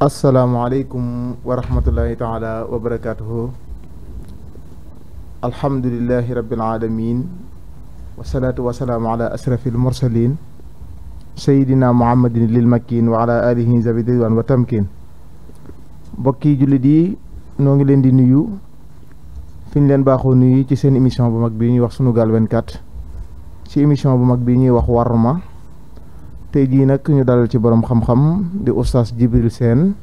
asalaamaaleykum wa rahmatullahi taala wa barakaatuhu alhamdulilahi rabbil alamin wasalaatu wasalaamu ala ashrafil mursalin sayidina muhammadin lil makkin wa ala alihi zabi diwaan wa tamkin mbokki jullit yi noo ngi leen di nuyu fi ñu leen baaxoo nuyu ci seen émission bu mag bi ñuy wax Sunugal 24 ci émission bu mag bi ñuy wax Warma tey jii nag ñu dalal ci borom xam-xam di oustaz Jibril seen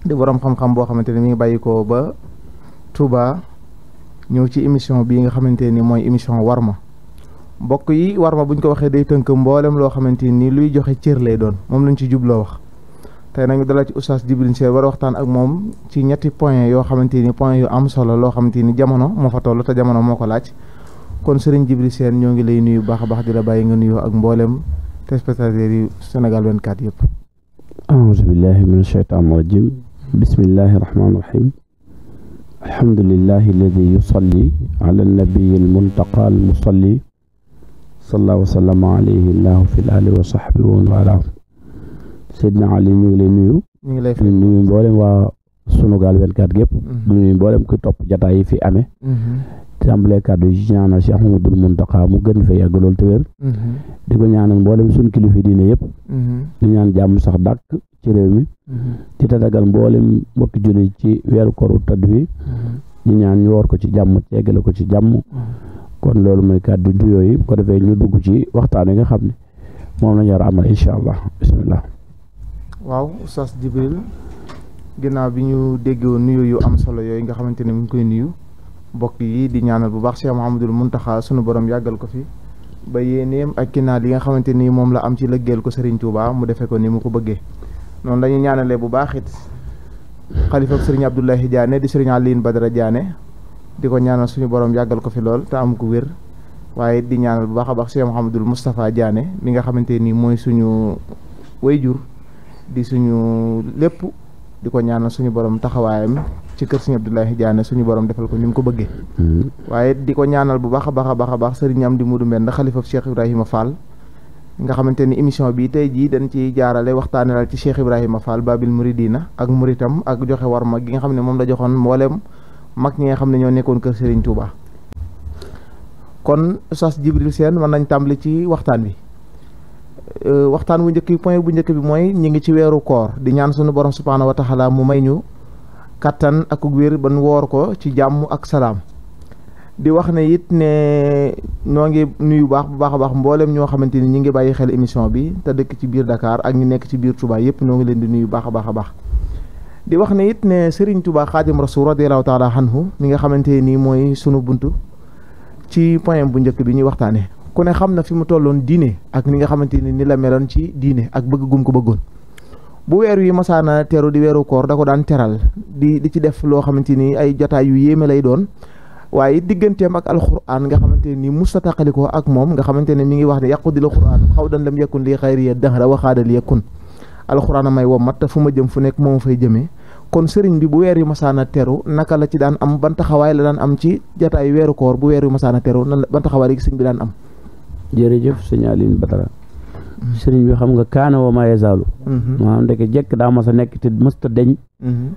di borom xam-xam boo xamante ni mi ngi bàyyi ko ba Touba ñëw ci émission bii nga xamante ni mooy war ma mbokk yi war warma buñ ko waxee day tënk mboolem loo xamante ni luy joxe cër lay doon moom lañ ci jubloo wax. te nag ñu dalal ci oustaz Jibril Sène war waxtaan ak moom ci ñetti point yoo xamante ni point yu am solo loo xamante ni jamono moo fa toll te jamono moo ko laaj kon sëriñ Jibril Sène ñoo ngi lay nuyu baax baax di bàyyi nga nuyoo ak mboolem. téléspectateurs yi Sénégal 24 yëpp aouzu billahi min asheytaan rajim bismillahi rahmaani rahim alhamdulillahi alladi yusalli ala annabiyi almuntaqa almusalli sallallahu wa sallama alayhi allahu fi l ali wa sahbi wa man wala Seydina Ali ñu ngi lay nuyu ñu ngi lay nuyu mboolem waa Sunugal 24 gépp mhm. du ñuy mboolem ku topp jataay yi fi amee mhm. tàmbalee kàddu yi ñaanal Cheikh Mamadou Mountakha mu gën fee yàgg lool te wér mhm. di ko ñaanal mboolem suñu kilifa diine yëpp di ñaan jàmm sax dàkk ci réew mi di tatagal mboolem mbokki julli ci weeru koru tëdd wi ñu ñaan ñu woor ko ci jàmm ceegale ko ci jàmm kon loolu mooy kàddu du yooyu bu ko defee ñu dugg ci waxtaan yi nga xam ne moom lañu war a amal incha allah bismillah ginnaaw bi ñu déggoo nuyu yu am solo yooyu nga xamante ne mu ngi koy nuyu mbokk yi di ñaanal bu baax Cheikh Mouhamadul Mountakha sunu borom yàggal ko fi ba yéeneem ak kinnaat yi nga xamante ni moom la am ci lëggeel ko Serigne Touba mu defee ko ni mu ko bëggee noonu la ñu bu baax it xalifa ak Serigne Abdoulaye Diané di Serigne Aline Badara Diané di ko ñaanal suñu borom yàggal ko fi lool te ko wér waaye di ñaanal bu baax a baax Cheikh Mouhamadul Moustapha Diané mi nga xamante ni mooy suñu wayjur di suñu lépp. di ko ñaanal suñu borom taxawaayam ci kër Serigne Abdoulaye Diané suñu borom defal ko ni mu ko bëggee. Mm-hmm. waaye di ko ñaanal bu baax a baax a baax a baax Serigne Amdi Modou Mbène xalifa Cheikh Ibrahima Fall. nga xamante ni émission bi tey jii dañ ci jaarale waxtaanelal ci Cheikh Ibrahima Fall Babil Mouridina ak Muritam ak joxe war ma gi nga xam ne moom la joxoon mboolem mag ñi nga xam ne ñoo nekkoon kër Serigne Touba. kon Oustaz Jibril Sène mën nañ tàmbali ci waxtaan bi. Euh, waxtaan bu njëkk bi point bu njëkk bi mooy ñu ngi ci weeru koor di ñaan sunu borom subhaanahu wa taxalaa mu may ñu kattan ak wér ban woor ko ci jàmm ak salaam di wax ne yit ne ñoo ngi nuyu baax bu baax a baax mboolem ñoo xamante ni ñi ngi bàyyi xel émission bi te dëkk ci biir Dakar ak ñu nekk ci biir tubaa yépp ñoo ngi leen di nuyu baax a baax a baax di wax ne it ne sëriñ Serigne Touba Xaadim Rasul radiyallahu taala anhu mi nga xamante nii mooy sunu buntu ci point bu njëkk bi ñuy waxtaanee. ku ne xam na fi mu tolloon diine ak ni nga xamante ni ni la meloon ci diine ak bëgg gum ko bëggoon bu weer wi masaana teru di weeru koor da ko daan teral di di ci def loo xamante ni ay jotaay yu yéeme lay doon waaye digganteem ak alquran nga xamante ni musta taqalikoo ak moom nga xamante ne mi ngi wax ne yàqu di la quran xaw dan lam yekkun li xayriya dahra waxaadal yekkun alquran a may wo mat fu ma jëm fu nekk moom fay jëmee kon sëriñ bi bu weer yu masaana teru naka la ci daan am ban taxawaay la daan am ci jotaayu weeru koor bu weer yu masaana teru nan ban taxawaay la sëriñ bi daan am jërëjëf sëñ Aline Badara sëriñ bi xam nga kaana wa maa yazaalu mhm. maanaam ndeke jekk daa mas nekk te mës ta deñ mhm.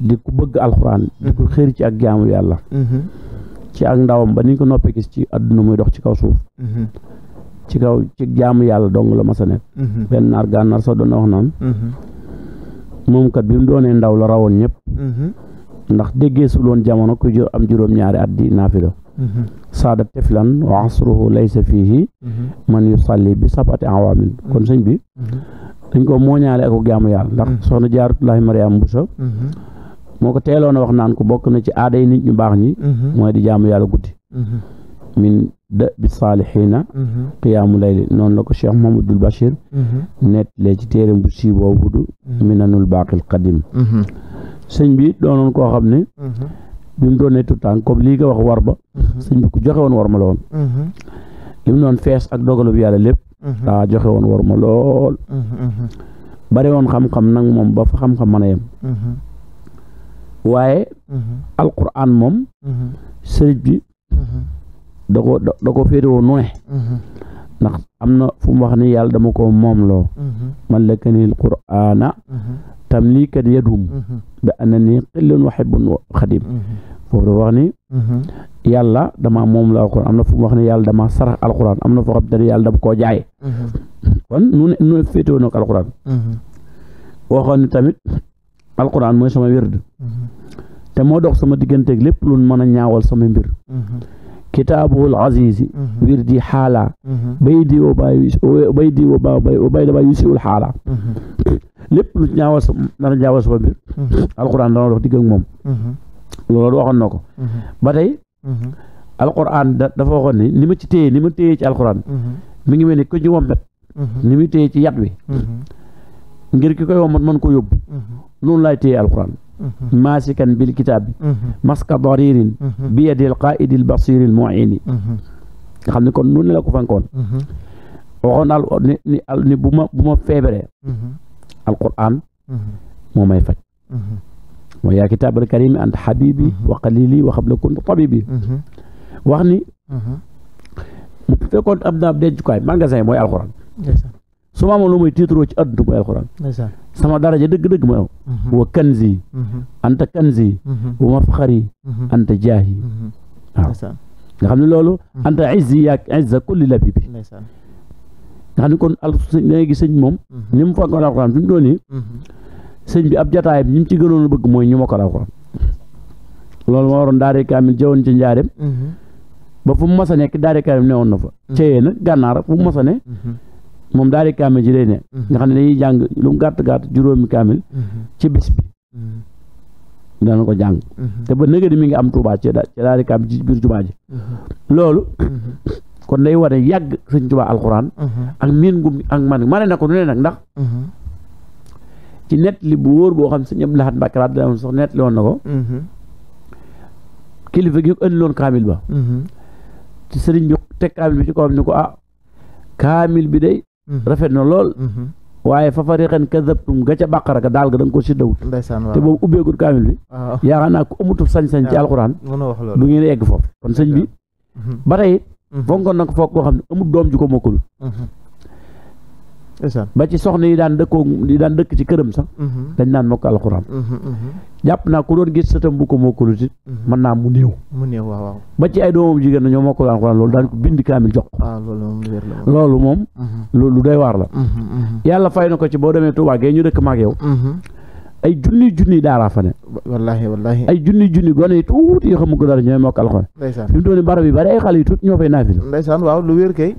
di ku bëgg alxuraan di ko mhm. xër ci ak jaamu yàlla ci ak ndawam ba niñ ko noppee gis ci àdduna muy dox ci kaw suuf ci kaw ci jaamu yàlla dong la mas a nekk benn naar gànnaar sax doon wax naan moom bi mu doonee ndaw la rawoon ñëpp ndax déggee su loon jamono ku jur am juróom-ñaari at di naafila saada teflan wa asruhu laysa fiihi man yusalli bi sabati awaamin kon sëñ bi dañ ko mooñaale ak jaamu yàlla ndax mm-hmm. soxna jaaratullahi mariam busa mm-hmm. moo ko teeloon a wax naan ko bokk na ci aada yi nit ñu baax ñi mm-hmm. mooy di jaamu yàlla guddi min da bi saalixiina qiyaamu layli noonu la ko cheikh mahamadul bachir nett lee ci téeram bu sii boobu du minanul baaqil sëñ bi doonoon koo xam ne bi mu doon ne tout temps comme lii nga wax war ba mhm. sëñ bi joxe woon war ma la mhm. li mu doon fees ak dogalu bi yàlla lépp mhm. daa joxe woon war ma lool bari woon xam-xam nag moom ba fa xam-xam mën a yem waaye alquran moom sëriñ bi da ko da ko féete woon nu ndax mhm. mhm. mhm. am na fu mu wax ni yàlla dama ko moomloo man lakanil qur'aana tamlikat moom la alquran am na fu mu wax ne yàlla dama sarax alquran am na foo xam ne yàlla dama koo jaay kon nu nu féetewoo nag alquran waxoon ni tamit alquran mooy sama wérd te moo dox sama digganteeg lépp lu mën a ñaawal sama mbir kitaabul azizi mm-hmm. wirdi xaala mm-hmm. baydi o bay baydi o ba bay o bay da bay yusiul xaala mm-hmm. lépp lu ñaawal sa dana ñaawal sama mbir alquran dana dox digg ak moom loolu waxoon na ko ba tey alquran dafa waxoon ni ni ma ci téye ni ma téye ci alquran mi ngi mel ni ku ni mu téye ci yat wi ngir ki koy wommet mën ko yóbbu noonu laay téye alquran maasikan mm-hmm. bil kitaab bi mm-hmm. maska daririn mm-hmm. bi yadi al qaidi al basiri al muini nga xam ne kon noonu la ko fankoon waxoon al ni ni bu ma bu ma feebaree al quraan moo may faj mooy yaa kitaabal karimi anta habibi wa qalili wa qabla kunta tabibi wax ni bu fekkoon am naa dencukaay magasin mooy alxuraan su ma lu muy tiitaroo ci àdduna mooy alxuraan sama daraja dëgg-dëgg ma yow mhm. wa kanzi mhm. anta kanzi mhm. wa mafxari anta jaahi waaw nga xam ne loolu anta izzi yaak izza kulli labibi nga xam ne kon al dangay sëñ moom ni mu fonkoon alxuraan fi doon nii sëñ bi ab jataayam ñi mu ci gënoon bëgg mooy ñu ma ko alxuraan loolu ma waroon daare kaamil jëwoon ci njaareem ba fu mu mas nekk daare kaamil newoon na fa ceyee nag gànnaara fu mu mas ne moom daal di kaamil ji day ne mm-hmm. nga xam ne dañuy jàng lu mu gàtt gàtt juróomi kaamil mm-hmm. ci bis bi mm-hmm. dana ko jàng te ba nëgë mi ngi am Tuubaa ci daal di kaamil ci biir jumaa day wane yàgg sëñ Tuubaa alxuraan ak miin gum ak man mane na ko ci nett li bu boo xam sëñ Abdou Lahad Mbàkke radiyallaahu anhu bi ci kawam ni ko ah kaamil bi day Mm-hmm. rafet na lool mm-hmm. waaye fa fariqan kadabtum ga ca bàqara ga daal ga da nga ko si dawut te boobu ubbeegul kaamil bi yaakaar naa ku amutub sañ-sañ ci alxuraan du ngeen egg foofu kon sëñ bi mm-hmm. ba tey fonkoon na ko foog koo xam ne doom ju ko mokkul ba ci soxna yi daan dëkkoo yi daan dëkk ci këram sax mhm. dañ naan mokk alxuraan mhm, mhm. jàpp naa ku doon gis sëtam bu ko mokkalu it mën naa mu néew ba ci ay doomam jigéen na ñoo mokkal alxuraan loolu daan ko bind kaamil jox ah, loolu moom lu doy waar la yàlla fay na ko ci boo demee Tuubaa gee ñu dëkk maag ay junni junni daaraa fa ne wallaahi wallaahi ay junni junni gone yi tuuti yoo xam ko dara ñooy mokk alxuraan ndeysaan fi mu toll nii barab yi bari ñoo fay naafi la ndeysaan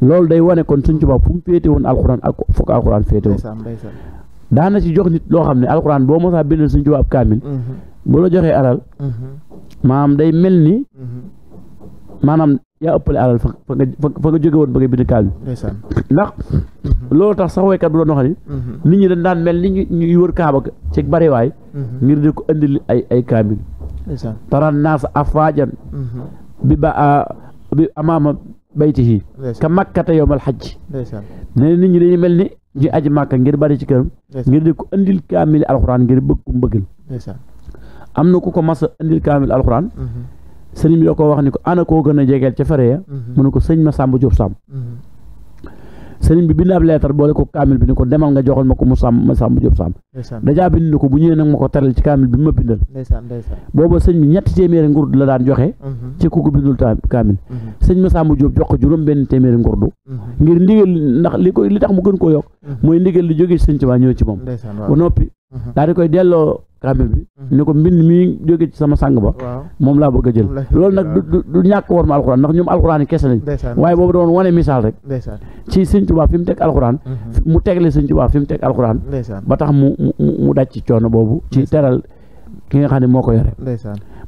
loolu day wane kon suñ tubaab fu féete woon alxuraan ak fokk alxuraan féete woon daana ci jox nit loo xam ne alxuraan boo mosaa bindal suñ tubaab kaamil mhm. bu la joxee alal mhm. maam day mel ni mhm. maanaam yaa ëppale alal fa nga fa nga jóge woon ba nga bind ndax mm-hmm. loolu tax sax waykat bu doon wax ni mm-hmm. nit ñi dañ daan mel ni ñu ñuy wër kaaba ci bariwaay mm-hmm. ngir di ko indil ay ay naa taran naas afaajan bi ba bi amaama baytihi ka makkata yowmal xaj ne nit ñi dañuy mel ni ñu aji màkka ngir bari ci këram ngir di ko indil kaamil alxuraan ngir bëgg ku mbëggal am na ku ko mas a indil kaamil alxuraan sëriñ bi da ko wax ni ko ana koo gën a jegeel ca ya mhm. mu ne ko sëñ ma sàmb Jóob sàmb sëriñ bi bind ab leetar boole ko kaamil bi ni ko demal nga joxal ma ko mu sàmm ma sàmm Jóob sàmm dajaa bind ni ko bu ñëwee nag ma ko teral ci kaamil bi ma bindal booba sëñ bi ñetti téeméeri ngurdu la daan joxe mhm. ci ku ko bindul ta kaamil mhm. sëñ ma sàmm Jóob jox ko juróom benn téeméeri ngurdu ngir ndigal ndax li koy li tax mu gën koo yokk mooy ndigal li jógee sëñ Tuubaa ñëw ci moom ba noppi daal di kaamil bi hmm. ni ko mbind mii jóge ci sama sang ba moom laa bëgg a jël loolu nag du du ñàkk war ma alxuraan ndax ñoom alxuraan yi kese lañ waaye boobu doon wane misaal rek ci sëñ Tuubaa fi mu teg alxuraan hmm. mu tegle sëñ Tuubaa fi mu teg alxuraan ba tax mu mu daj ci coono boobu ci teral ki nga xam moo ko yore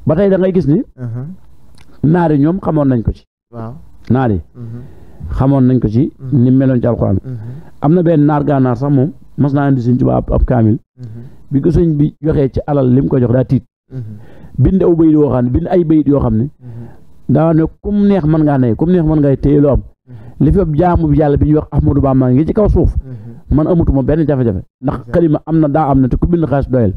ba tey da gis ni hmm. naari ñoom xamoon nañ ko ci naar yi xamoon nañ ko ci ni meloon ci alxuraan am na benn naar gànnaar sax moom mas naa indi sëñ Tuubaa ab bi ko sëñ bi joxee ci alal lim ko jox daa tiit mm-hmm. bind aw bayit yoo xam ne bind ay bayit yoo xam ne mm-hmm. daa ne kum neex mën ngaa ne kum neex mën ngay téye loo am mm-hmm. li fi jaamu bi yàlla bi ñuy wax Ahmadou Bamba ngi ci kaw suuf man amatuma benn jafe-jafe ndax xalima am na daa am na te ku bind xaalis doyal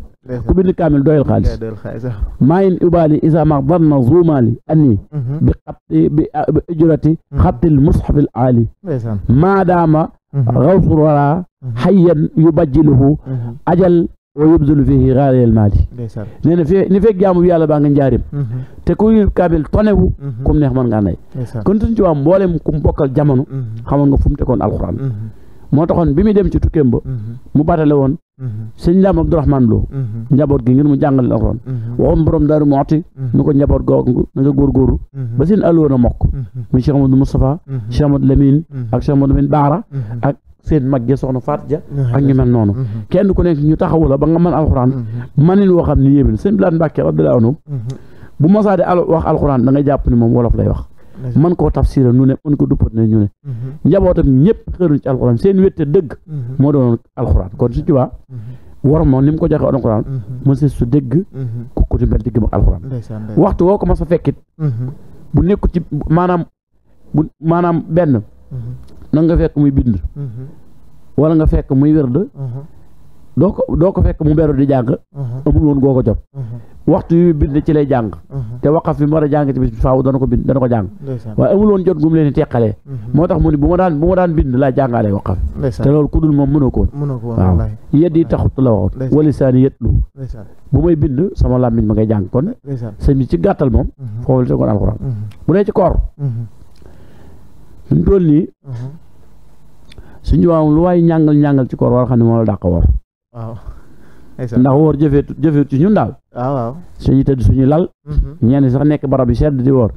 ku bind kaamil doyal xaalis maa in ubaali isa ma darna zuumaali anni bi xatti bi ah, ijrati xattil mushafil aali maadaama rawsul wara xayyan yubajjiluhu ajal wa yubzulu fihi xaaliyal maali nee na fee ni fekk jaamu yàlla baa nga njaarim mhm. te kuy kabil tonewu mhm. kum neex mën ngaa nay kon suñ ci waa mboolem kum bokkal jamono mhm. xamoon nga fu mu tegoon alxuraan moo taxoon bi muy dem ci tukkeem ba mu batale woon sëñ Ndaam Abdourahmane Lo njaboot gi ngir mu jàngal alxuraan waxoon borom daaru mooti nu ko njaboot googu na nga góorgóorlu ba seen alloon a mokk muy Cheikh Amadou Moustapha Cheikh ak Cheikh seen mag ja soxna Faat ja ak ñu mel noonu mhm. kenn ku nekk ñu taxawu la ba nga mën alxuraan mhm. manin woo xam ne yéemin sëñ Bilaal Mbàkke radiyallaahu anhu mhm. bu masaa di al wax alxuraan da ngay jàpp ni moom wolof lay wax man koo tafsira nu ne man ko duppat ne ñu ne njabootam ñëpp xëruñ ci alxuraan seen wette dëgg moo doonoon alxuraan kon su tubaab war moom ni mu ko joxe alxuraan mën si su dégg ku ku mel digg ma alxuraan waxtu woo ko ma sa fekkit bu nekkut ci maanaam nag nga fekk muy bind mhm. wala nga fekk muy wérd mhm. doo ko doo ko fekk mu beru di jàng mhm. amul woon goo ko jot waxtu yu bind ci lay jàng te waqaf bi mu war a jàng ci bis bi faaw dana ko bind dana ko jàng waaye amul woon jot gum leen di teqalee moo tax mu ni bu ma daan bu ma daan bind laa jàngaale waqaf te loolu ku dul moom mënoo ko woon waaw yedd yi taxut la waxoon wala saani yet lu bu may bind sama làmmiñ ma ngay jàng kon sëñ bi ci gàttal moom foofu la tegoon alxuraan bu suñ toll nii uh-huh. suñ waaw lu waay ñàngal ñàngal ci koor war xam ne moo la dàq woor ndax woor jëfee jëfee ci ñun daal waaw suñu tëdd suñu lal uh-huh. ñenn sax nekk barab yi sedd di woor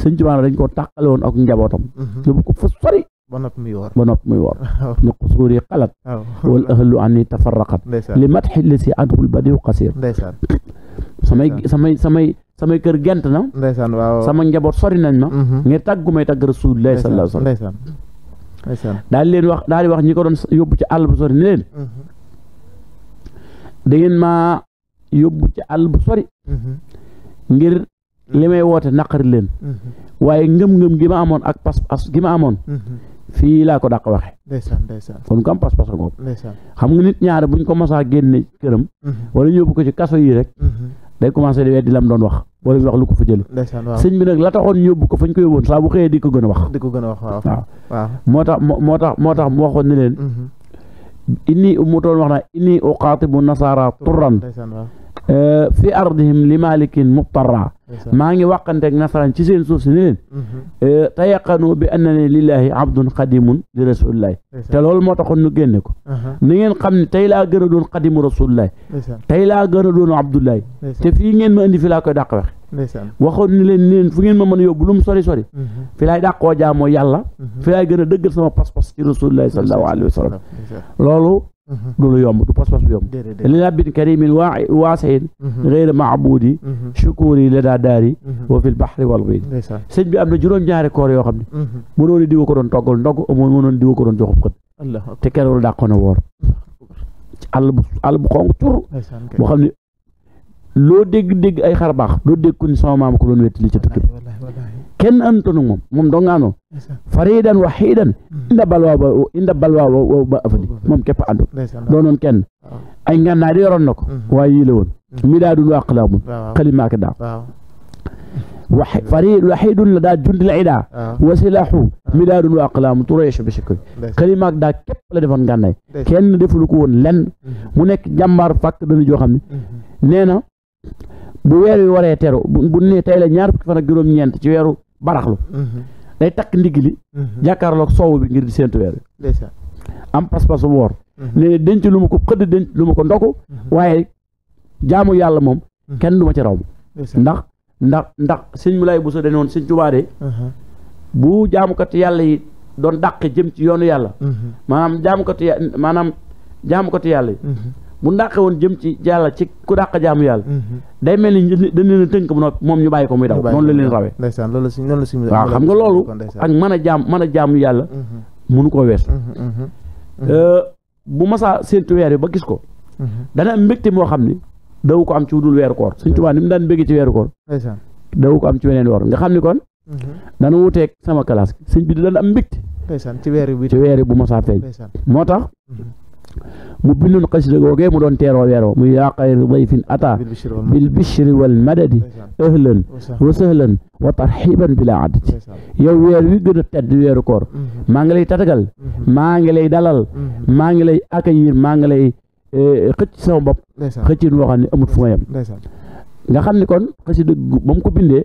sëñ Tuubaa dañ ko tàqale woon ak njabootam uh-huh. yóbbu ko fa sori ba noppi muy woor ba noppi muy woor ni xusuuri xalat wal ahlu anni tafarraqat li matxi li si adhul badiu qasir samay samay samay samay kër gent na ndeysaan waaw sama njaboot sori nañ ma mhm. ngir tàggu may tàgg rasulillahi sallallahu alayhi wasallam ndeysaan daal leen wax daal di wax ñi ko doon yóbbu ci àll bu sori ni leen mhm. da maa yóbbu ci àll bu sori mhm. ngir li may woote naqari leen waaye ngëm-ngëm gi ma amoon ak pas-pas gi ma amoon fii laa ko dàq waxe ndeysaan ndeysaan kon kam pas-pas a xam nga nit ñaare buñ ko masaa génne këram wala yóbbu ko ci kaso yi rek day commencé di weddi lam doon wax wala ñu wax lu ko fa jël bi nag la taxoon yóbbu ko fañ ko yóbboon saa bu xëyee di ko gën a wax a wax waaw moo tax moo tax moo tax mu waxoon ne leen mm-hmm. inni mu doon wax naa inni uqaatibu nasaara turan Euh, fi ardihim li malikin muqtarra maa ngi wàqanteeg nasaraan ci seen suuf si ni leen mhm. euh, te yaqanu bi annani lillahi abdun xadimun li rasulillahi te loolu moo taxoon nu génne ko mhm. ni ngeen xam ne tey laa gën a doon xadimu rasulillahi tey laa gën a doon abdullahi te fii ngeen ma indi fi laa koy dàq wax waxoon ni leen ni leen fu ngeen ma mën a yóbbu lu mu sori sori mhm. fi laay dàqoo jaamoo yàlla fi laay gën a dëggal sama pas-pas ci rasulillahi sallallahu Mm-hmm. du lu yomb du pas-pas bu yomb li rabbin karimin waa waasain mm-hmm. geyre maabudi mm-hmm. shukuri la daa daari wa fil bahri wal ghayr sëñ bi am na juróom-ñaari koor yoo xam ne mënoo ne diwa ko doon toggal ndog mënoo ne diwa ko doon joxub xët te keroog dàqoon na woor ci bu àll bu xonq cur boo xam ne loo dégg dégg ay xar baax loo dégg ku ni sama maam ko doon wettali ca tukki kenn antoon ak moom moom dong àndoon faridan wahidan mm. inda balwa ba inda balwa ba ba afadi moom képp àndoon doonoon kenn ay ngànnaay di yoroon na ko mm. waaye yii la woon mm. mi daa dun waa xalaamun xalimaaka daaw waxi farid la daa jundil ida wa la kenn defulu ko woon lenn mm-hmm. mu nekk jàmbaar fàkk dana joo xam ne mm-hmm. nee na bu weer waree teru bu ne tey ñaar fukki fan ak ñeent ci weeru baraxlu mhm. day takk ndigg li mhm. jàkkaarloog soow bi ngir di séentu weer bi am pas-pasu woor mhm. ne denc lu ma ko xëdd denc lu ma ko ndoku waaye jaamu yàlla moom kenn du ma ci raw ndax ndax ndax sëñ mu lay bu sa danoon sëñ Tuubaa de bu jaamukat yàlla yi doon dàq jëm ci yoonu yàlla maanaam jaamukatu yàlla maanaam jaamukatu yàlla yi bu ndàqe woon jëm ci yàlla ci ku daq jaamu yàlla. Mhm. day mel ni dañ leen a tënk mu noppi moom ñu bàyyi ko muy daw. noonu la leen rawee. ndeysaan loolu si loolu si. waaw xam nga loolu ak mën a jaam mën a jaamu yàlla. Mhm. mënu koo wees. Mhm, euh, bu masaa séentu weer yi ba gis ko. dana am mbégte moo xam ni daw ko am ci wudul weeru koor Sëñ Tuubaa ni mu daan bëgg ci weeru koor. ndeysaan daw ko am ci weneen xam ni kon. dana wuteeg sama classe suñ bi dana am mbégte. ndeysaan ci weer yi bu masaa feeñ moo tax mu bindoon xasida googee mu doon teeroo weeroo muy yaa xayra dayfin ata bil bishri wal madadi ahlan wa sahlan wa tarxiban bila adati yow weer wi gën a tedd weeru koor mhm. maa ngi lay tatagal mhm. maa ngi lay dalal mhm. maa ngi lay accueillir maa ngi lay eh, xëcc sama bopp xëccin woo xam ne amut fu ma yem nga xam ne kon xasida ba mu ko bindee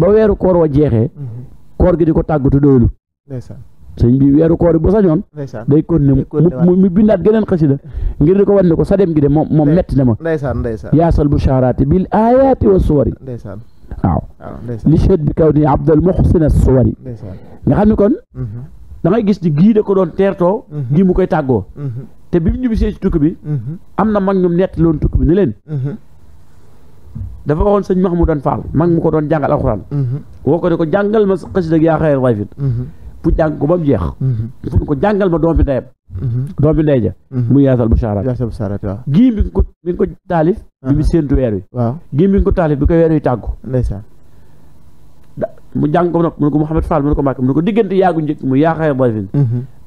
ba weeru koor wa jeexee koor gi di ko tàggatu doylu sëñ bi weeru koor bu sañoon day continuer mu bindaat geneen xasida ngir di ko wan ne ko sa dem gi de moom moom metti na ma yaasal bu shaaraati bil ayaati wa suwari waaw li cheet bi kaw ni abdal muxsina suwari nga xam ne kon mhm. da gis ni gii da ko doon teertoo mhm. gii mu koy tàggoo mhm. te bi mu ñibbisee ci tukki bi am na mag ñoom nett loon tukki bi ni leen dafa waxoon sëñ Mahmoudan Fall mag mu ko doon jàngal alxuraan woo ko ne ko jàngal ma xasida bu jàng ko ba mu jeex. Mhm. fu ko jàngal ma doom bi ndeyam. Mhm. doom bi ndey ja. Mhm. muy yaasal busharaat. yaasal busharaat waaw. gii mi ko taalif. bi mu uh-huh. séentu weer wi. waaw gii mi ngi ko taalif bi ko weer wi tàggu. ndeysaan. mu jàng ko nag mu ne ko Mouhamed Fall mu ne ko Mbacke mu ne ko diggante yaagu njëkk mu yaaxee barfin.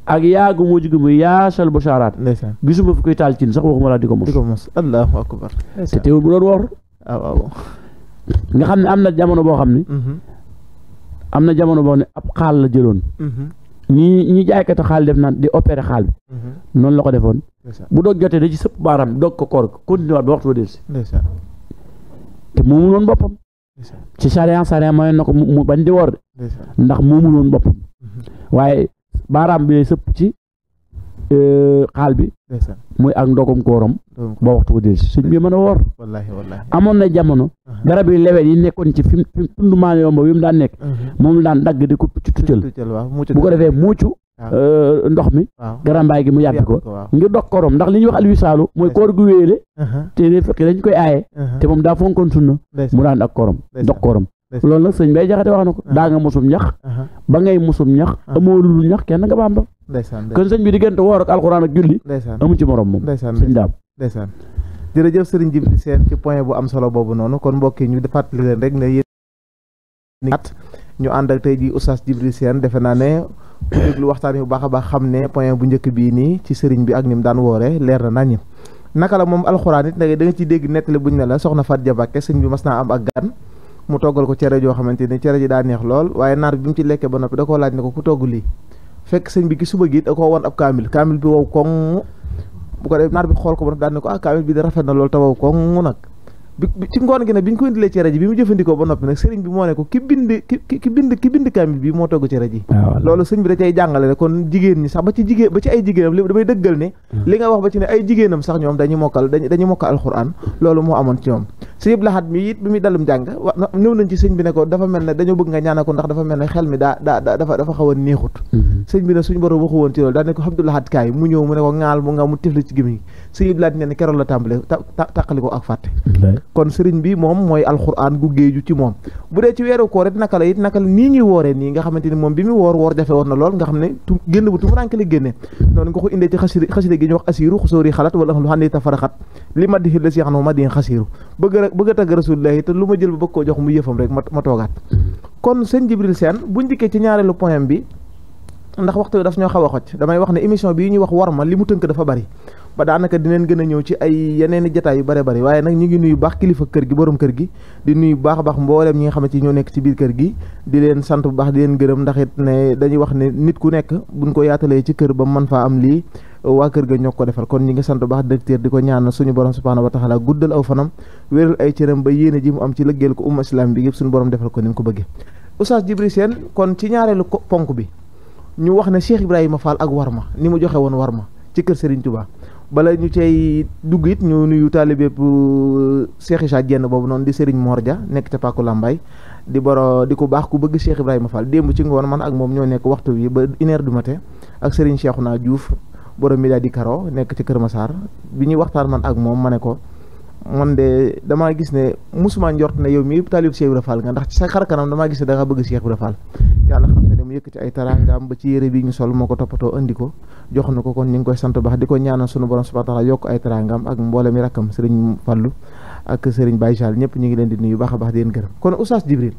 ak yaagu moo jóge mu yaasal busharaat. ndeysaan gisuma fu koy taal cin sax waxuma laa di ko mos. di ko mos allahu akbar. te teewul bu doon woor. waaw waaw. nga xam ne am na jamono boo xam ni. am na jamono boo ne ab xaal la jëloon. Mhm. ñi ñi jaaykatu xaal def naan di opéré xaal bi. Mhm. noonu la ko defoon. bu doog jotee da ci sëpp baaraam doog ko koor continué waat ba waxtu ba dellusi. te moomul woon boppam. ci charia charia mayoon na ko mu bañ di woor ndax moomul woon boppam. Mhm. waaye baaraam bi lay sëpp ci xaal bi muy ak ndogum kooram ba waxtu wu dellusi suñ bi mën a woor amoon na jamono garab yi leween yi nekkoon ci fi mu tund maa yomb bi mu daan nekk moom daan dagg di ko ci tuccal bu ko defee muucu euh, ndox mi garambaay gi mu yàbbi ko ngir dog kooram ndax li ñuy wax alwisaalu mooy koor gu wéele te fekk dañ koy aaye te moom daa fonkoon sunna mu daan ak kooram dog kooram loolu nag sëñ bay jaxate wax na ko ah. daa nga musum ñax ba ngay musum ñax ah. amoo lu ñax kenn nga bàmba kon sëñ bi diggante woor ak alxuraan ak julli amu ci morom moom sëñ daam ndeysaan jël sëriñ Jibril Sène ci point bu am solo boobu noonu kon mbokki ñu fàttali leen rek ne yéen at ñu ànd ak tey ji oustaz Jibril Sène defe naa ne ku waxtaan bu baax a baax xam ne point bu njëkk bii nii ci sëriñ bi ak ni mu daan woore leer na ñi naka la moom alxuraan it da nga ciy dégg nettali buñ ne la soxna Fatou Diabake sëñ bi mas naa am ak gan mu toggal ko cere joo xamante ni cere ji daa neex lool waaye naar bi mu ci lekkee ba noppi da koo laaj ne ko ku togg lii fekk sëñ bi ki suba gi da ko won ab kaamil kaamil bi wow koŋŋ bu ko def naar bi xool ko ba noppi daan ne ko ah kaamil bi di rafet na lool te wow koŋŋ nag bi ci ngoon gi nag bi ñu ko indilee cere ji bi mu jëfandikoo ba noppi nag sëriñ bi moo ne ko ki bind ki bind kaamil bi moo togg cere ji ah, loolu sëñ bi kon jigéen ñi sax ba ci jigéen ba ci ay jigéenam li damay dëggal ne hmm. li nga wax ba ci ne ay jigéenam sax ñoom dañu mokkal dañu mokkal alxuraan loolu moo amoon ci ñoom sëñ Abdou Lahad mi it bi muy dalum jàng wa ñëw nañ ci sëñ bi ne ko dafa mel ne dañoo bëgg nga ñaanal ndax dafa mel ne xel mi daa daa dafa dafa xaw a neexut hmm. sëñ bi ne suñu borom waxu woon ci loolu daa ne ko Abdou Lahad kaay mu ñëw mu ne ŋaal mu nga mu sëñ Abdou Lahad nee na keroog la tàmbale tàqali ko ak fàtte kon sëriñ bi moom mooy alxuraan gu géeju ci moom bu dee ci weeru koor it naka la it naka la nii ñuy wooree nii nga xamante ni moom bi mu woor woor jafe woon na lool nga xam ne tu génn bu tumuranke la génne noonu nga ko indee ci xasida xasida gi ñu wax asiru xusóori xalaat wala lu xandita faraxat li ma di xil la si xanoo ma di xasiru bëgg a bëgg a tagg te lu ma jël ba bëgg koo jox mu yëfam rek ma ci ñaareelu point bi ndax waxtu daf ñoo xaw a xoj wax ne émission bii ñuy wax war ma li mu tënk dafa bari ba daanaka di gën a ñëw ci ay yeneen i jataay yu bare bari waaye nag ñu ngi nuyu baax kilifa kër gi boroom kër gi di nuyu baax a baax mbooleem ñi nga xamante ni ñoo nekk ci biir kër gi di leen sant bu baax di leen gërëm ndax it ne dañuy wax ne nit ku nekk bu buñ ko yaatalee ci kër ba mën faa am lii waa kër ga ñoo ko defal kon ñi ngi sant baax directeur di ko ñaan suñu borom subhaanahu wa taala guddal aw fanam wéral ay cëram ba yéene ji mu am ci lëggeel ko umma islam bi yëpp suñu borom defal ko ni ko bëggee Oustaz kon ci ñaareelu ponk bi ñu wax ne Cheikh Ibrahima Fall ak warma ni mu joxe woon warma ci kër Serigne Touba bala ñu cay dugg it ñu nuyu taalibe bépp uh, Cheikh Issa Diène boobu noonu di Serigne Mor ja nekk ca Pàkku Lambaay di boro di ko baax ku bëgg Cheikh Ibrahima Fall démb ci ngoon man ak moom ñoo nekk waxtu bi ba une heure du matin ak Serigne Cheikhouna Diouf borom mi daal di karo nekk ci Kër Massar bi ñuy waxtaan man ak moom ma ne ko man de damaa gis ne musuma njort ne yow mii taalib Cheikh Ibrahima Fall nga ndax ci sa xar kanam damaa gis ne da ngaa bëgg Cheikh Ibrahima Fall yàlla mu yëkkati ay taraangaam ba ci yére bi ñu sol moo ko toppatoo andi ko jox na ko kon ñu ngi koy sant baax di ko ñaanal sunu borom subhaana taala yokk ay taraangaam ak mboole mi rakkam sëriñ Fallu ak sëriñ Baye Sall ñu ngi leen di nuyu baax a baax di leen gërëm kon Oustaz Jibril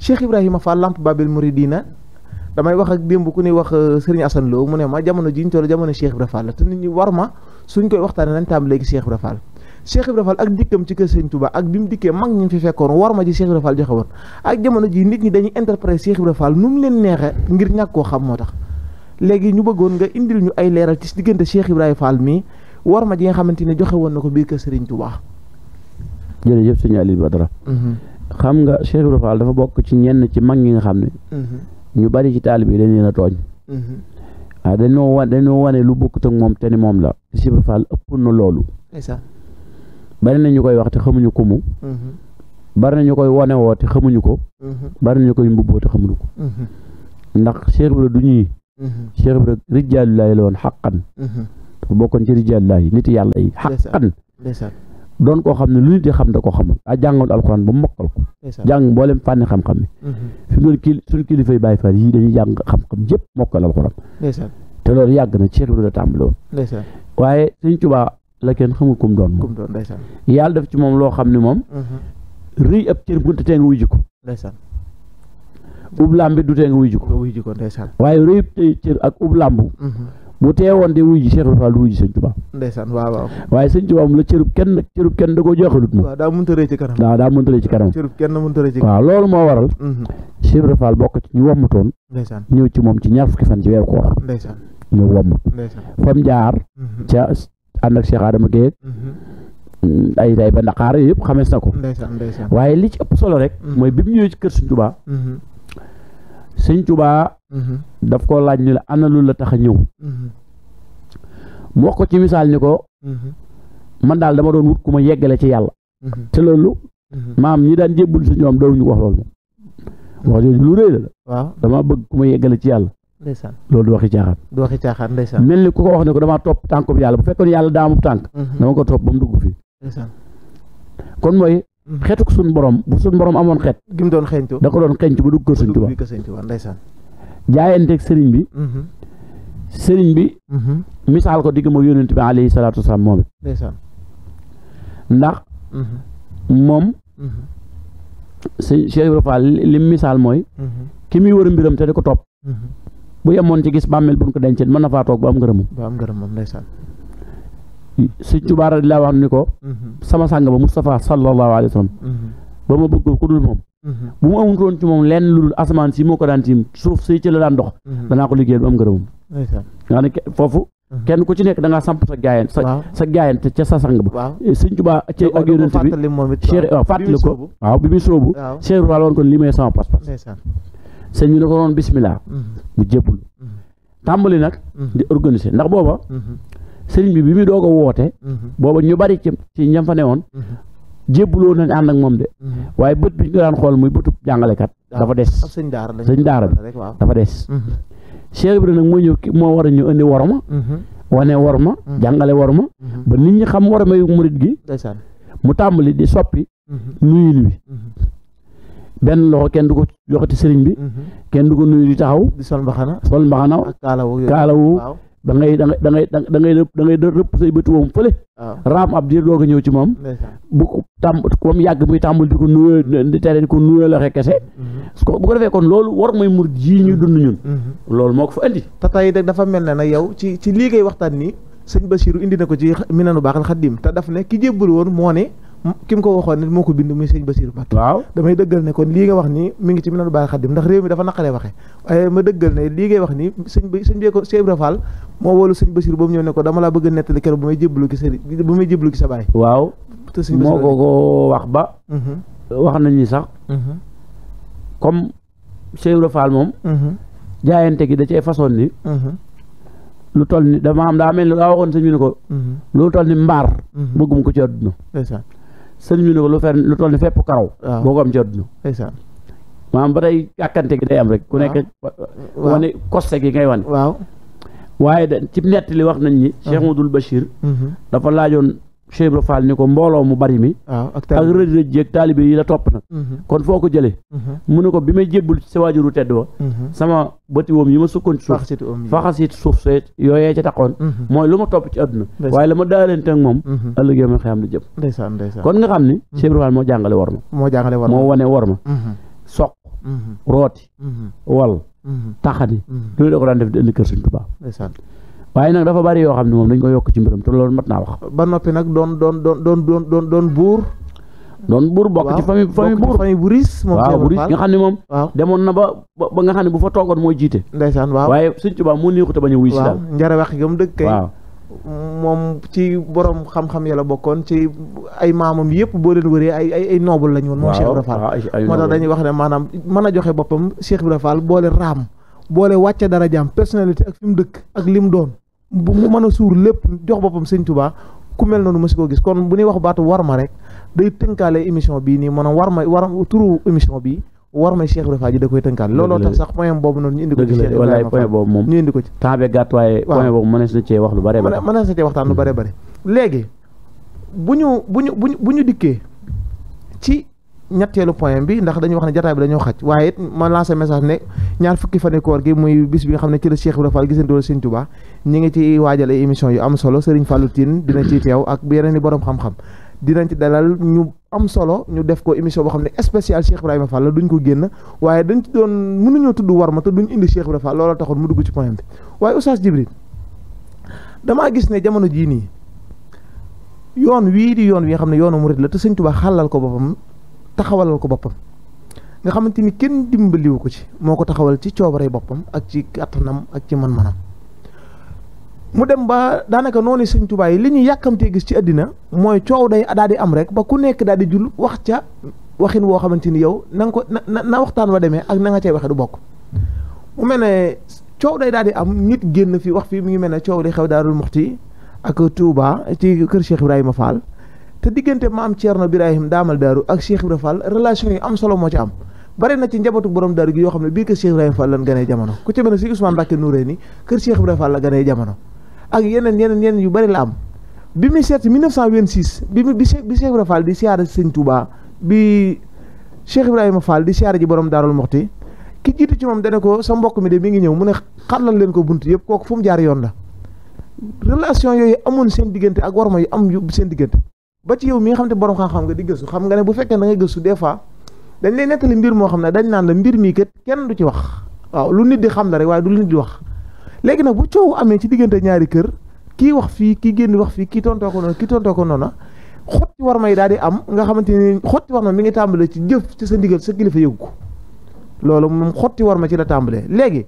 Cheikh Ibrahima Fall Lamp Babil Mouridina damay wax ak démb ku ni wax euh, sëriñ Assane Lo mu ne ma jamono jiñ toll jamono Cheikh Ibrahima Fall te nit ñi war ma suñ koy waxtaanee nañ Cheikh Ibra Fall ak dikkam ci kër Sëñ Touba ak bi mu dikkee mag ñi fi fekkoon war ma ji Cheikh Ibra Fall joxe woon ak jamono ji nit ñi dañuy interpréter Cheikh Ibra Fall nu mu leen neexe ngir ñàkk koo xam moo tax léegi ñu bëggoon nga indil ñu ay leeral ci diggante Cheikh Ibrahima Fall mii war ma ji nga xamante ne joxe woon na ko bii kër Sëriñ Touba. jërëjëf sëñ Aliou Badara. Mm-hmm. xam nga Cheikh Ibrahima dafa bokk ci ñenn ci mag ñi nga xam ne. Mm-hmm. ñu bari ci taalib yi dañ leen a tooñ. Mm-hmm. ah dañoo wane dañoo wane lu bokkut ak moom te ni moom la Cheikh Ibrahima Fall na loolu. bari na ñu koy wax xamuñu ko mu. Mm-hmm. bari na koy wone woo te xamuñu ko. Mm-hmm. bari na koy mbubboo xamuñu ko. Mm-hmm. ndax Cheikh Ibra du ñuy. Cheikh Ibra rijaalullaahi la woon xaqan. dafa bokkoon ci rijaalullaahi nit yàlla yi xaqan. doon koo xam ne lu nit di xam da ko xamoon a jàngoon alxuraan ba mokkal ko. jàng mboolem fànni xam-xam yi. fi mu doon kii suñu kilifa yi Baay Faal yii dañuy jàng xam-xam yëpp mokkal alxuraan. te loolu yàgg na Cheikh Ibra da tàmbali waaye Sëñ Tuubaa la kenn xamul kum doon moom yàlla def ci moom loo xam ne moom mhm. rëy ab cër bu te tee nga wuy jikko ub làmb bi du tee wuy jikko waaye rëy ab cër ak ub làmb mhm. bu teewoon de wuy ji Cheikh Ibra Fall du wuy ji sëñ Tuubaa ndeysaan waaw waaw waaye sëñ Tuubaa moom la cërub kenn cërub kenn da koo joxalut moom waaw daa mënta rëy ci kanam waaw daa mënta rëy ci kanam cërub kenn mënta rëy ci kanam waaw loolu moo waral mhm. Cheikh Ibra bokk ci ñu wommatoon ndeysaan ñëw ci moom ci ñaar fukki fan ci weeru koor ndeysaan ñu wommut fa jaar ca ànd ak ma Adama Gueye mm-hmm. ay ay ba Ndakaar yëpp xamees na ko waaye lii ci ëpp solo rek mm-hmm. mooy bi mu ñëwee ci kër Sëñ Tuubaa Sëñ Tuubaa daf ko laaj ni la ana lu la tax a ñëw mm-hmm. mu wax ko ci misaal ni ko man daal dama doon wut ku ma yeggale ci yàlla te loolu maam ñi daan jébbul si ñoom dawuñu wax loolu moom wax jooju lu réy la dama bëgg ku ma yeggale ci yàlla ndeysaan loolu du waxi caaxaan. du waxi caaxaan ndeysaan. mel ni ku ko wax ne ko damaa topp tànk bu yàlla bu fekkoon yàlla daamub tànk. Mhm. dama ko topp ba mu dugg fii. ndeysaan kon mooy. Mhm. xeetu ko suñu borom bu suñu borom amoon xeet. da ko doon xeeñtu ba dugg ko suñu tubaab. ndeysaan. jaayanteeg sëriñ bi. Mhm. sëriñ bi. misaal ko digg ma yónent bi alayhi salaatu wasalaam ndax. moom. sëñ Cheikh Ibrahima Fall li misaal mooy. ki muy wër mbiram te di ko topp. bu yemoon ci gis bàmmeel buñ ko dencee mën na faa toog ba am ngërëmam. ba am ngërëmam ndeysaan. Sëñ Tuubaa di la wax ni ko. Mm-hmm. sama sàng ba Moustapha sallallahu alayhi wa sallam. Mm-hmm. ba ma bëgg ku dul moom. Mm-hmm. bu mu amutoon ci moom lenn lu dul asamaan si ko daan tiim suuf si ci daan dox. danaa ko liggéeyal ba am ngërëmam. foofu. kenn ku ci nekk da ngaa samp sa gaayeen sa sa gaayeen te ca sa sang ba eh, sëñ Tuubaa ci ak yonent bi waaw fàttali ko waaw bi muy sóobu Cheikh Ruwaal woon kon li may sama pas sëñ bi na ko noonu bismillah mm-hmm. mu jébbul mm-hmm. tàmbali nag mm-hmm. di organiser ndax booba sëriñ bi bi muy doog a woote booba ñu bari ci ci ñam fa woon jébbuloo nañ ànd ak moom de waaye bët bi ñu ko daan xool muy bëtub jàngalekat ah, dafa des sëñ daara bi dafa des Cheikh Ibrahima nag moo ñëw moo war a ñëw indi worma wane worma jàngale worma ba nit ñi xam worma yu murit gi mu tàmbali di soppi nuyin wi benn loxo kenn du ko joxati sëriñ bi mhm. kenn du ko nuyu di taxaw sol mbaxana sol mbaxana kaalawu da ngay da ngay da ngay da ngay rëpp say bëtu woom fële raam ab diir doog a ñëw ci moom bu tàmm comme yàgg muy tàmbul di ko nuyoo tere di ko nuyoo loxe kese mhm. bu ko defee kon loolu war mooy mur ji ñu dund ñun mhm. loolu moo ko fa indi tata dafa mel ne nag yow ci ci lii ngay waxtaan nii sëñ Basiru indi na ko ci Minanul Baaxil Xaddim te daf ne ki jébbal woon moo ne ki mu ko waxoon nit moo ko bind muy sëñ Basiru Mbàkke waaw damay dëggal ne kon lii nga wax nii mi ngi ci Minanul Baaqil Xaadim ndax réew mi dafa naqaree waxe waaye ma dëggal ne lii ngay wax nii sëñ bi sëñ bee ko Cheikh Ibra Fall sëñ Basiru ba mu ñëw ne ko dama laa bëgg a nettali keroog bu may jébbalu ki sa bu may jébbalu ki sa baay waaw te sëñ moo ko ko wax ba mhm. wax nañu sax mhm. comme Cheikh Ibra Fall moom mhm. jaayante gi da cee façon ni lu toll ni dama am daa mel ni daa waxoon sëñ bi ne ko lu toll ni mbaar bëggum ko ci sëñ bi ko lu fer lu toll ni fepp karaw boo ko am ci àdduna maanaam ba tey yàkkante gi day am rek ku nekk wane koste gi ngay wane waaye da ci nettali wax nañ ni uh-huh. Cheikh Modou Bachir mm-hmm. dafa laajoon Cheikh Ibra Fall ni ko mbooloo mu bari mi ah, ak rëj rëj jeeg taalibe yi la topp na mhm. kon foo ko jëlee mhm. mu ne ko bi may jébbul sa waajuru tedd wa mhm. sama bëti woom yi ma sukkoon ci suuf faxasit suuf so yooyee ca taxoon mooy lu ma topp ci àdduna waaye la ma daalante ak moom ëllëg yoo ma xëy am la jëm kon nga xam ni Cheikh moo jàngale war ma moo wane war ma soq rooti wal taxani loolu da ko daan def di indi kër Sëñ Tuubaa waaye nag dafa bari yoo xam ne moom dañ ko yokk ci mbiram te loolu mat naa wax. ba noppi nag doon doon doon doon doon doon buur. doon buur bokk ci famille famille buur famille bu riis moom xam ne moom demoon na ba ba nga xam ne bu fa toogoon mooy jiite ndeysaan waaw waaye Sëñ Tuubaa moo a wuy si daal njara wax gam dëgg kay waaw moom ci borom xam-xam ya la bokkoon ci ay maamam yëpp boo leen wëree ay ay ay noble lañ woon moom Cheikh Ibra Fall moo tax dañuy wax ne maanaam mën a joxe boppam Cheikh Ibra Fall boole raam boole wàcce darajaam personnalité ak fi mu dëkk ak li mu doon bu mu mën a suur lépp jox boppam sëñ Tuubaa ku mel noonu mësu koo gis kon bu ñuy wax baatu war ma rek day tënkaale émission bii nii maanaam war ma war turu émission bii war may Cheikh Ibra Fall ji da koy tënkaale looloo tax sax point boobu noonu ñu indi ko ci Cheikh Ibrahima boobu moom ñu indi ko ci temps bi gàtt waaye point boobu mënees na cee wax lu bare bare mënees na cee hmm. bu ñu bu ñu bu ñu bu ñu dikkee ci ñetteelu point bi ndax dañu wax ne jataay bi dañoo xac waaye it ma lancé message ne ñaar fukki fani koor gi muy bis bi nga xam ne ci la Cheikh Ibrahima Fall giseen doolu Sëriñ Tuubaa ñi ngi ci waajal ay émission yu am solo Serigne Fallou tiin dina ci teew ak yeneen i borom xam-xam dinañ ci dalal ñu am solo ñu def ko émission boo xam ne spécial Cheikh Ibrahima Fall la duñ ko génn waaye dañ ci doon mënuñoo tudd war ma te duñ indi Cheikh Ibrahima Fall loola taxoon mu dugg ci point bi waaye Oustaz Djibril damaa gis ne jamono jii nii yoon wii di yoon wi nga xam ne yoonu murid la te Sëriñ xàllal ko boppam taxawalal ko boppam nga xamante ni kenn dimbaliwu ko ci moo ko taxawal ci coobare boppam ak ci kattanam ak ci man-manam mu dem ba daanaka noonu sëñ Tuubaa yi li ñuy yàkkamtee gis ci àddina mooy coow day daal di am rek ba ku nekk daal di jul wax ca waxin woo xamante ni yow na nga ko na na waxtaan wa demee ak na nga cay waxe du bokk mu mel ne coow day daal di am nit génn fi wax fii mu ngi mel ne coow day xew Daarul Muxti ak Touba ci kër Cheikh Ibrahima Fall te diggante maam Thierno Birahim daamal daaru ak Cheikh Ibra Fall relation yi am solo moo ci am bari na ci njabootu borom daaru gi yoo xam ne biir kër Cheikh Ibrahima Fall lan ganee jamono ku ci mel ne si Ousmane Mbacké Nouré ni kër Cheikh Ibrahima Fall la ganee jamono ak yeneen yeneen yeneen yu bari la am bi muy seet 1926 bi bi Cheikh Ibrahima Fall di siyaare Sëñ Touba bi Cheikh Ibrahima Fall di siyaare ji borom daarul Moxti ki jiitu ci moom dana ko sa mbokk mi de mi ngi ñëw mu ne xàllal leen ko bunt yëpp kooku fu mu jaar yoon la relation yooyu amoon seen diggante ak warma yu am yu seen diggante ba ci yow mi nga xam ne borom xam-xam nga di gëstu xam nga ne bu fekkee da nga gëstu des fois dañ lay nettali mbir moo xam ne dañ naan la mbir mii kat kenn du ci wax waaw lu nit di xam la rek waaye du lu nit di wax léegi nag bu coow amee ci diggante ñaari kër kii wax fii kii génn wax fii kii tontoo ko noonu kii tontoo ko noonu xotti war may daal di am nga xamante ni xotti war ma mi ngi tàmbalee ci jëf ci sa ndigal sa kilifa yëgu ko loolu moom xotti war ma ci la tàmbalee léegi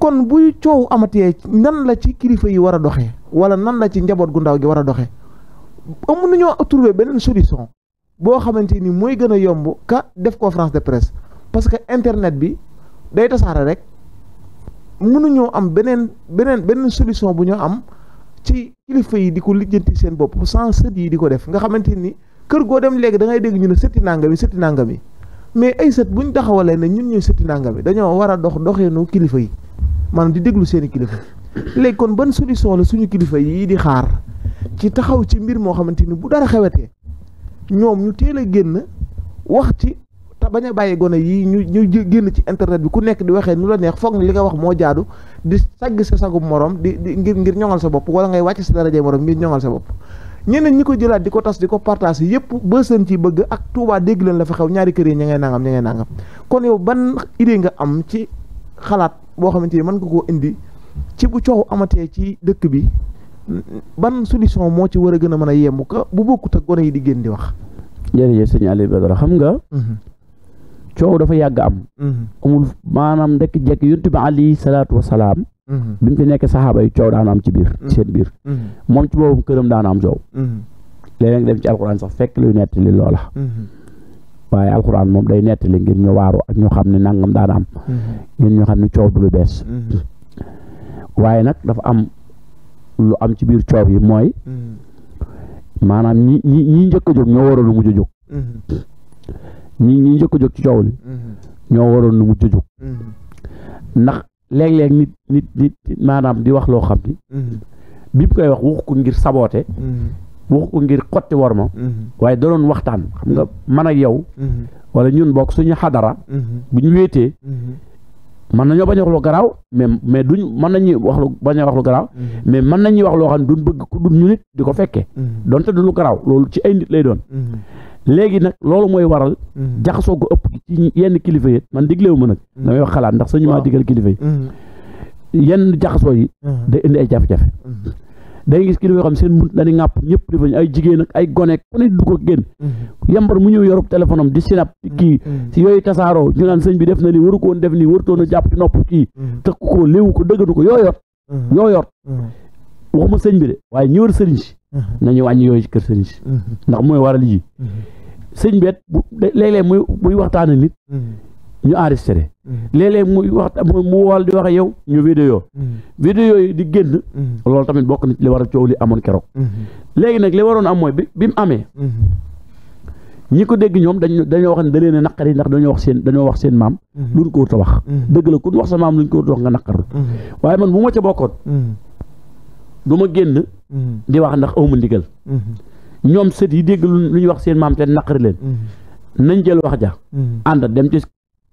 kon buy coow amatee nan la ci kilifa yi war a doxee wala nan la ci njaboot gu ndaw gi war a doxee amun nañoo trouver beneen solution boo xamante ni mooy gën a yomb ka def conférence de presse parce que internet bi day tasaare rek mënuñoo am beneen beneen beneen solution bu ñu am ci kilifa yi di ko lijjanti seen bopp sans set yi di ko def nga xamante ni kër goo dem léegi da ngay dégg ñu ne sëti nangami sëti nangami mais ay set bu ñu taxawalee ne ñun ñooy sëti nangami dañoo war a dox doxeenu kilifa yi maanaam di déglu seeni kilifa léegi kon ban solution la suñu kilifa yi di xaar ci taxaw ci mbir moo xamante ni bu dara xewetee ñoom ñu teel a génn wax ci te bañ a bàyyi gone yi ñu ñu génn ci internet bi ku nekk di waxee nu la neex foog ne li nga wax moo jaadu di sagg sa sagub morom di ngir ngir ñoŋal sa bopp wala ngay wàcc sa darajay morom ngir ñoŋal sa bopp ñeneen ñi ko jëlaat di ko tas di ko partage yépp bësën ci bëgg ak tuubaa dégg leen la fa xew ñaari kër yi ña ngay nangam ña ngay nangam kon yow ban idée nga am ci xalaat boo xamante ni mën nga koo indi ci bu coow amatee ci dëkk bi ban solution moo ci war a gën a mën a yemb ka bu bokkut ak gone yi di génn di wax. jërëjëf sëñ Aliou Badara xam nga. Mhm. coow dafa yàgg am. Mhm. amul maanaam ndekk jekk yonent bi alayhi salaatu wa salaam. Mhm. nekk saxaaba yi coow daan am ci biir. seen biir. moom ci boobu këram daan am coow. léeg-léeg dem ci alxuraan sax fekk luy nettali loola. waaye alxuraan moom day nettali ngir ñu waaru ak ñu xam ne nangam daan am. ngir ñu xam ne coow du lu bees. waaye lu am ci biir coow yi mooy maanaam ñi ñi ñi njëkk a jóg ñoo waroon lu mu a jóg ñi ñi njëkk a jóg ci coow li ñoo waroon lu mujj a jóg ndax léeg-léeg nit nit maanaam di wax loo xam ni bi mu koy wax wax ko ngir saboote wax ko ngir xotti war ma waaye da waxtaan xam nga man ak yow wala ñun bokk suñu xadara bu ñu wéetee mën nañoo bañ a wax lu garaaw mais mais duñ mën nañuy wax lu bañ a wax lu garaaw mhm. mais mën nañuy wax loo xam ne duñ bëgg ku dul ñu nit di ko fekkee mhm. donte du lu garaaw loolu ci ay nit lay doon mhm. léegi nag loolu mooy waral jaxasoo ko ëpp ci yenn kilifa yi man diglewu ma nag damay wax xalaat ndax sañu maa digal kilifa yi yenn jaxasoo yi day indi ay jafe-jafe day gis kilifa yoo xam seen mun dañuy ŋàpp ñëpp di fañ ay jigéen ay gone ku ne dugg ak génn mm-hmm. yambar mu ñëw yorub téléphone am di sinap ci kii mm-hmm. si yooyu tasaaroo ñu naan sëñ bi def na lii waru koon def ni warutoon a jàpp ci nopp kii mm-hmm. tëkk ko léewu ko dëgganu ko yoo yor yoo yor waxuma sëñ bi de waaye ñëwar sëriñ si nañu wàññi yooyu ci kër sëriñ si ndax mooy waral yi sëñ bi it léeg-léeg muy buy waxtaana nit ñu enregistré léeg-léeg muy wax mu wool di wax yow ñu vidéo vidéo yi di génn loolu tamit bokk na ci li war coow li amoon keroog léegi nag li waroon am mooy bi bi mu amee ñi ko dégg ñoom dañ dañoo wax ne da leen a naqari ndax dañoo wax seen dañoo wax seen maam luñ ko wut wax dëgg la kun wax sa maam luñ ko wut a wax nga naqarul waaye man bu ma ca bokkoon du ma génn di wax ndax awma ndigal ñoom sët yi dégg lu ñuy wax seen maam te naqari leen nañ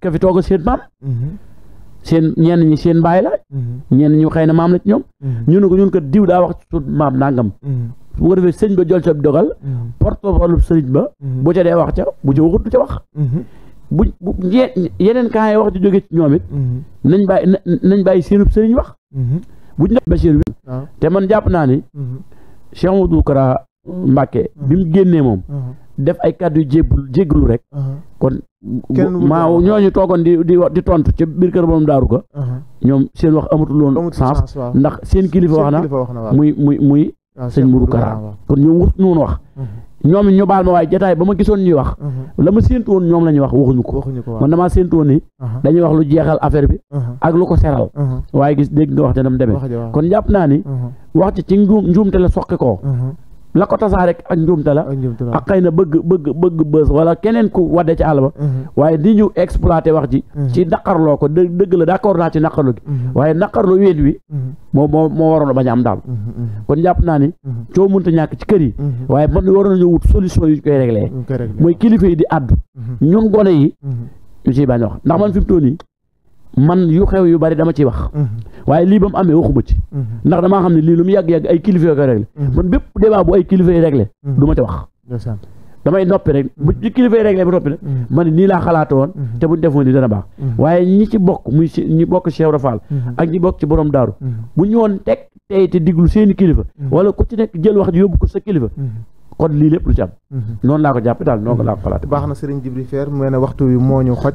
ka fi toogal seen maam mm-hmm. seen ñenn ñi seen mbaay la mm-hmm. ñenn ñu xay na maam la ci ñoom mm-hmm. ñu ne ko ñun ko diw daa wax su maam nangam bu ko defee sëñ ba jol sa dogal porte-parole ba bu ca dee wax ca bu ca waxut du ca wax bu yeneen kaa yi wax di jóge ci ñoom it nañ bàyyi nañ bàyyi seenub sëriñ wax bu ñu Bachir ah. bi te man jàpp naa ni Cheikh Modou Kara Mbacke bi mu génnee moom def ay kàddu jébbul jéggalu rek uh-huh. kon maa ñooñu toogoon di di di tontu ca biir kër borom daaru ko ñoom seen wax amatul woon sens ndax seen kilifa wax na muy muy muy sëñ Mourou Kara kon ñoom wut noonu wax ñoom ñu baal ma waaye jataay ba ma gisoon ñuy wax la ma séentu woon ñoom la wax waxuñu ko man damaa séentu woon ni dañuy wax lu jeexal affaire bi ak lu ko seral waaye gis dégg nga wax te dam demee kon jàpp naa ni wax ci ci njuum njuumte la soqi ko la ko tasaa rek ak njuumte la ak xëy na bëgg bëgg bëgg bës wala keneen ku wadde ci àll ba mm-hmm. waaye di ñu exploité wax ji mm-hmm. ci naqarloo ko dë dëgg la d'accord naa ci naqarlu gi mm-hmm. waaye naqarlu wéet wi moo moo moo waroon a bañ am daal kon jàpp naa ni coo mënta ñàkk ci kër yi waaye man waroon nañu wut solution yi ñu koy réglé mooy kilifa yi di àddu ñun gone yi ñu ciy bañ wax ndax man fi mu toll nii man yu xew yu bari dama ciy wax mm-hmm. waaye lii ba mu amee waxuma ci mm-hmm. ndax damaa xam ne lii lu mu yàgg-yàgg ay kilifa yoo koy réglé mm-hmm. man bépp débat bu ay kilifa yi réglé du ma ca wax damay noppi rek bu kilifa yi réglé ba noppi nag man nii laa xalaata woon te buñ defoon di dana baax waaye ñi ci bokk muy ñi bokk Cheikh Rafal ak ñi bokk ci borom daaru bu ñëwoon teg tey te diglu seeni kilifa wala ku ci nekk jël wax ji yóbbu ko sa kilifa kon lii lépp lu ci am. Mhm. noonu laa ko jàppee daal noonu laa ko xalaatee. baax na Serigne Djibril Fer mu ne waxtu wi moo ñu xoj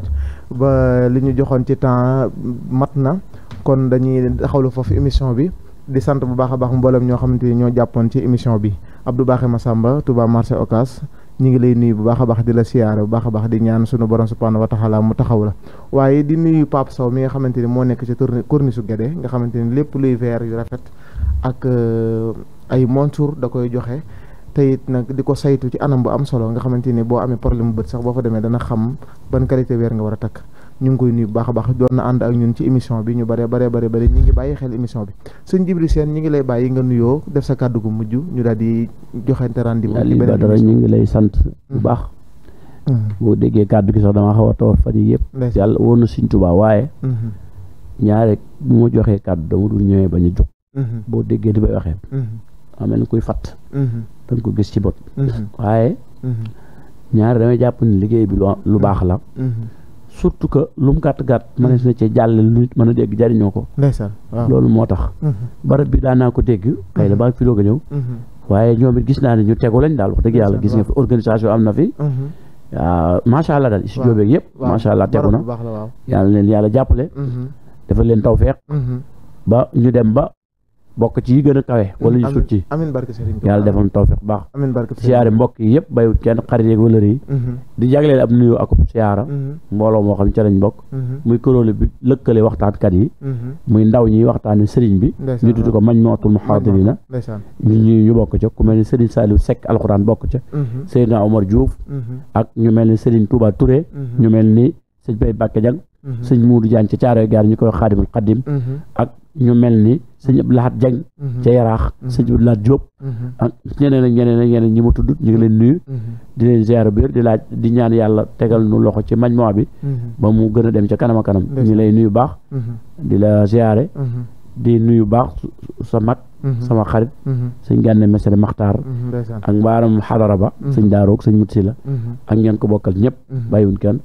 ba li ñu joxoon ci temps mat na kon dañuy taxawlu foofu émission bi di sant bu baax a baax mboolem ñoo xamante ni ñoo jàppoon ci émission bi Abdou Bakhe Massamba Touba marché Ocass ñu ngi lay nuyu bu baax a baax di la siyaare bu baax a baax di ñaan sunu borom subhanahu wa taala mu taxaw la waaye di nuyu paap Sow mi nga xamante ni moo nekk ci tournée corniche Guédé nga xamante ni lépp luy verre yu rafet ak euh, ay monture da koy joxe. te it nag di ko saytu ci anam bu am solo nga xamante ni boo amee problème bu bët sax boo fa demee dana xam ban qualité weer nga war a takk ñu ngi koy nuyu bu baax baax doon na ànd ak ñun ci émission bi ñu bare bare bare bare ñu ngi bàyyi xel émission bi sëñ Jibril Sène ñu ngi lay bàyyi nga def sa kàddu gu mujj ñu daal di joxente rendez-vous li Badara ñu ngi lay sant bu mm. baax mm. boo déggee kàddu gi sax dama xaw a tawat fan yi yëpp yàlla woon na Sëñ Tuubaa waaye mm-hmm. ñaare bu ma joxee kàddu dama dul ñëwee bañ a jóg mm-hmm. boo déggee di bay waxee mm-hmm. maa mel ni kuy fatt mhm. dañ ko gis ci bët mhm. waaye mhm. ñaari damay jàpp ni liggéey bi lu baax la surtout que lu mu gàtt gàtt mënees na ci jàll lu nit mën a dégg jariñoo ko ndeysaan loolu moo tax barab bi daan naa ko dégg xëy la baa fi doog a ñëw waaye ñoom it gis naa ne ñu tegu lañ daal wax dëgg yàlla gis nga fi organisation am na fi ah, waaw macha allah daal si jóobeeg yëpp macha allah tegu na yàlla leen yàlla jàppale dafa leen tawfeex ba ñu dem ba bokk ci yi gën a kawe wala ñu sut ci amiin barke Serigne yàlla defal ñu tawfiq baax amiin barke Serigne siyaare mbokk yi yëpp bayut kenn xarit yeeg wëlër yi mm-hmm. di jagleel ab nuyu ak siyaara mm-hmm. mbooloo moo xam ci lañ mm-hmm. muy kuréel bi lëkkale waxtaankat yi muy ndaw ñi waxtaane Serigne bi ñu tudd ko mañ mootul muhaadirina ñu ñu ñu bokk ca ku mel ni Serigne Saliou Seck alxuraan bokk ca Seydina Omar Diouf ak ñu mel ni Serigne Touba Touré ñu mel ni sëñ Baye Bakke Jang sëñ Muudu Jaan ca sëñ Abdou Lahad Diagne mhm. ca Yaraax mhm. sëñ Abdou Lahad Diop mhm. ak ñeneen ak ñeneen ak ñeneen ñi ma tudd ñu ngi leen nuyu di leen ziar biir di laaj di ñaan yàlla tegal nu loxo ci a bi ba mu gën a dem ca kanam a kanam ñu lay nuyu baax di la ziare di nuyu baax sa mag Mm-hmm. sama xarit mm-hmm. sëñ gànne mesere maxtaar mm-hmm. ak mbaaram xadara ba sëñ daaroog sëñ mutsi la ak ngeen ko bokkal ñëpp bàyyiwuñ kenn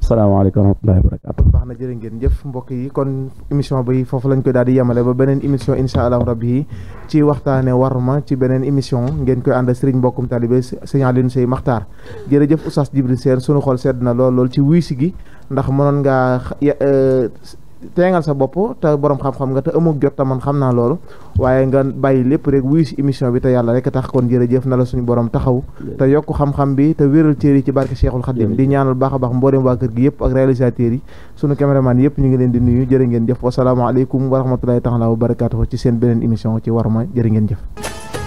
salaamaaleykum wa rahmatullahi wa barakaatu na jërë ngeen jëf mbokk yi kon émission bi foofu lañ koy daal di yemale ba beneen émission insha allahu rabbi yi ci waxtaane warma ci beneen émission ngeen koy ànd sëriñ mbokkum talibé sëñ Alioune Seye maxtaar jërëjëf oustaz Jibril Sène sunu xol sedd na lool lool ci wuy si gi ndax mënoon teengal sa bopp te borom xam-xam nga te amook jot te man xam naa loolu waaye nga bàyyi lépp rek wuyu si émission bi te yàlla rek tax kon jërëjëf na la suñu borom taxaw te yokk xam-xam bi te wéral cër yi ci barke Cheikhul Khadim di ñaanal baax a baax mboolem waa kër gi yëpp ak réalisateurs yi sunu caméraman yëpp ñu ngi leen di nuyu jëre ngeen jëf wasalaamaaleykum wa rahmatulahi taala wa barakatuhu ci seen beneen émission ci Warma jërë ngeen jëf